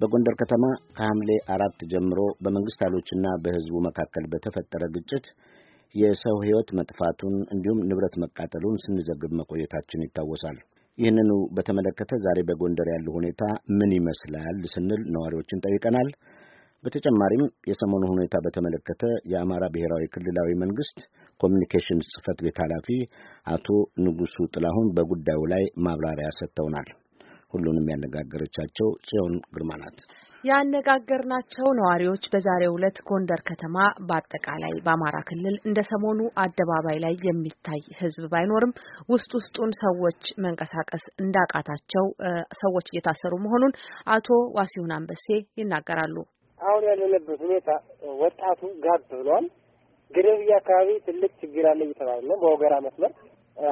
በጎንደር ከተማ ከሐምሌ አራት ጀምሮ በመንግሥት ኃይሎችና በሕዝቡ መካከል በተፈጠረ ግጭት የሰው ሕይወት መጥፋቱን እንዲሁም ንብረት መቃጠሉን ስንዘግብ መቆየታችን ይታወሳል። ይህንኑ በተመለከተ ዛሬ በጎንደር ያለው ሁኔታ ምን ይመስላል ስንል ነዋሪዎችን ጠይቀናል። በተጨማሪም የሰሞኑ ሁኔታ በተመለከተ የአማራ ብሔራዊ ክልላዊ መንግሥት ኮሚኒኬሽን ጽሕፈት ቤት ኃላፊ አቶ ንጉሡ ጥላሁን በጉዳዩ ላይ ማብራሪያ ሰጥተውናል። ሁሉንም ያነጋገረቻቸው ጽዮን ግርማ ናት። ያነጋገርናቸው ነዋሪዎች በዛሬው ዕለት ጎንደር ከተማ በአጠቃላይ በአማራ ክልል እንደ ሰሞኑ አደባባይ ላይ የሚታይ ሕዝብ ባይኖርም ውስጥ ውስጡን ሰዎች መንቀሳቀስ እንዳቃታቸው ሰዎች እየታሰሩ መሆኑን አቶ ዋሲሁን አንበሴ ይናገራሉ። አሁን ያለንበት ሁኔታ ወጣቱ ጋብ ብሏል። ግደብያ አካባቢ ትልቅ ችግር አለ እየተባለ ነው። በወገራ መስመር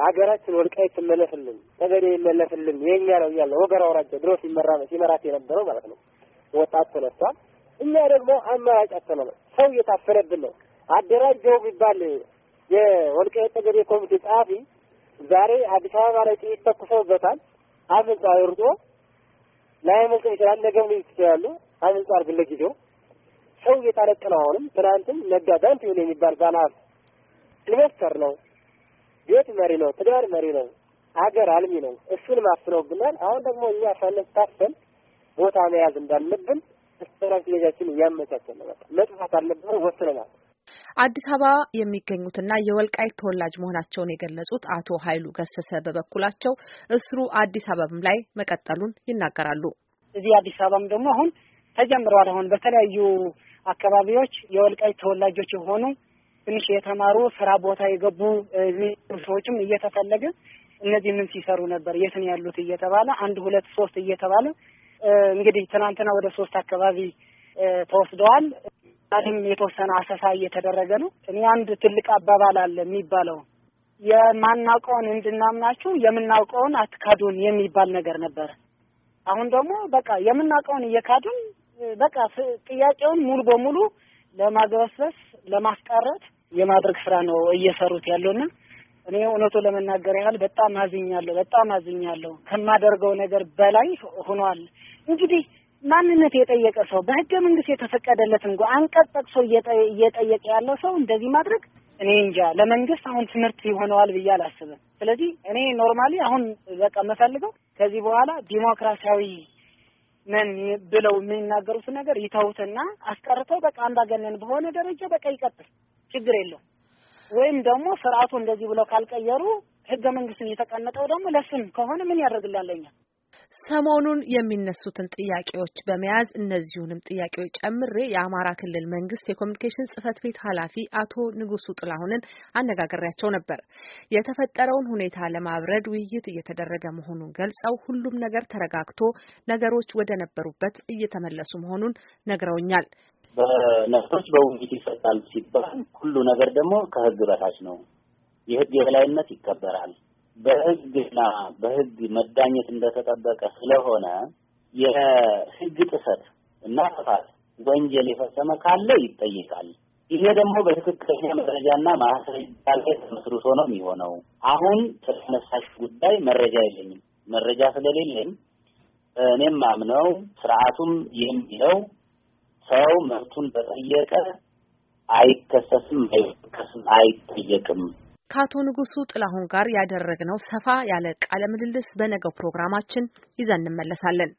አገራችን ወልቃይ ትመለስልን፣ ጠገዴ ይመለስልን፣ የኛ ነው እያለ ወገራ ወራጀ ድሮ ሲመራ ሲመራት የነበረው ማለት ነው። ወጣት ተነስቷል። እኛ ደግሞ አማራጭ አጥተን ሰው እየታፈነብን ነው። አደራጀው የሚባል የወልቃይ ጠገዴ ኮሚቴ ጸሐፊ ዛሬ አዲስ አበባ ላይ ጥይት ተኩሰውበታል። አምልጦ አይርጦ ላያመልጥ ይችላል። ነገም ልጅ ይችላሉ። አምልጧል። ግን ለጊዜው ሰው እየታረቀ ነው። አሁንም ትናንትም ነጋ ዳንት ይሁን የሚባል ባለሀብት ኢንቨስተር ነው ቤት መሪ ነው፣ ትዳር መሪ ነው፣ አገር አልሚ ነው። እሱን ማፍነውብናል። አሁን ደግሞ እኛ ሳለን ቦታ መያዝ እንዳለብን ስራት ልጃችን እያመቻቸን ነው። መጥፋት አለብን ወስነናል። አዲስ አበባ የሚገኙትና የወልቃይት ተወላጅ መሆናቸውን የገለጹት አቶ ኃይሉ ገሰሰ በበኩላቸው እስሩ አዲስ አበባም ላይ መቀጠሉን ይናገራሉ። እዚህ አዲስ አበባም ደግሞ አሁን ተጀምሯል አሁን በተለያዩ አካባቢዎች የወልቃይት ተወላጆች የሆኑ ትንሽ የተማሩ ስራ ቦታ የገቡ ሰዎችም እየተፈለገ እነዚህ ምን ሲሰሩ ነበር፣ የትን ያሉት እየተባለ አንድ ሁለት ሶስት እየተባለ እንግዲህ ትናንትና ወደ ሶስት አካባቢ ተወስደዋል። ዛሬም የተወሰነ አሰሳ እየተደረገ ነው። እኔ አንድ ትልቅ አባባል አለ የሚባለው የማናውቀውን እንድናምናችሁ የምናውቀውን አትካዱን የሚባል ነገር ነበር። አሁን ደግሞ በቃ የምናውቀውን እየካዱን በቃ ጥያቄውን ሙሉ በሙሉ ለማግበስበስ ለማስቀረት የማድረግ ስራ ነው እየሰሩት ያለውና እኔ እውነቱ ለመናገር ያህል በጣም አዝኛለሁ፣ በጣም አዝኛለሁ። ከማደርገው ነገር በላይ ሆኗል። እንግዲህ ማንነት የጠየቀ ሰው በህገ መንግስት የተፈቀደለት እንኳ አንቀጽ ጠቅሶ እየጠየቀ ያለው ሰው እንደዚህ ማድረግ እኔ እንጃ ለመንግስት አሁን ትምህርት ይሆነዋል ብዬ አላስብም። ስለዚህ እኔ ኖርማሊ አሁን በቃ የምፈልገው ከዚህ በኋላ ዲሞክራሲያዊ ነን ብለው የሚናገሩትን ነገር ይተውትና አስቀርተው በቃ አምባገነን በሆነ ደረጃ በቃ ይቀጥል። ችግር የለው። ወይም ደግሞ ስርዓቱ እንደዚህ ብለው ካልቀየሩ ህገ መንግስቱን የተቀመጠው ደግሞ ለስም ከሆነ ምን ያደርግላለኛ? ሰሞኑን የሚነሱትን ጥያቄዎች በመያዝ እነዚሁንም ጥያቄዎች ጨምሬ የአማራ ክልል መንግስት የኮሚኒኬሽን ጽህፈት ቤት ኃላፊ አቶ ንጉሱ ጥላሁንን አነጋገሪያቸው ነበር። የተፈጠረውን ሁኔታ ለማብረድ ውይይት እየተደረገ መሆኑን ገልጸው ሁሉም ነገር ተረጋግቶ ነገሮች ወደ ነበሩበት እየተመለሱ መሆኑን ነግረውኛል። በነፍሶች በውይይት ይፈታል ሲባል ሁሉ ነገር ደግሞ ከህግ በታች ነው። የህግ የበላይነት ይከበራል። በህግና በህግ መዳኘት እንደተጠበቀ ስለሆነ የህግ ጥሰት እና ጥፋት ወንጀል የፈጸመ ካለ ይጠይቃል። ይሄ ደግሞ በትክክለኛ መረጃና ማስረጃ ላይ ተመስርቶ ነው የሚሆነው። አሁን ስለነሳሽ ጉዳይ መረጃ የለኝም። መረጃ ስለሌለኝ እኔም አምነው ስርዓቱም የሚለው ሰው መብቱን በጠየቀ አይከሰስም፣ አይከስም፣ አይጠየቅም። ከአቶ ንጉሱ ጥላሁን ጋር ያደረግነው ሰፋ ያለ ቃለ ምልልስ በነገው ፕሮግራማችን ይዘን እንመለሳለን።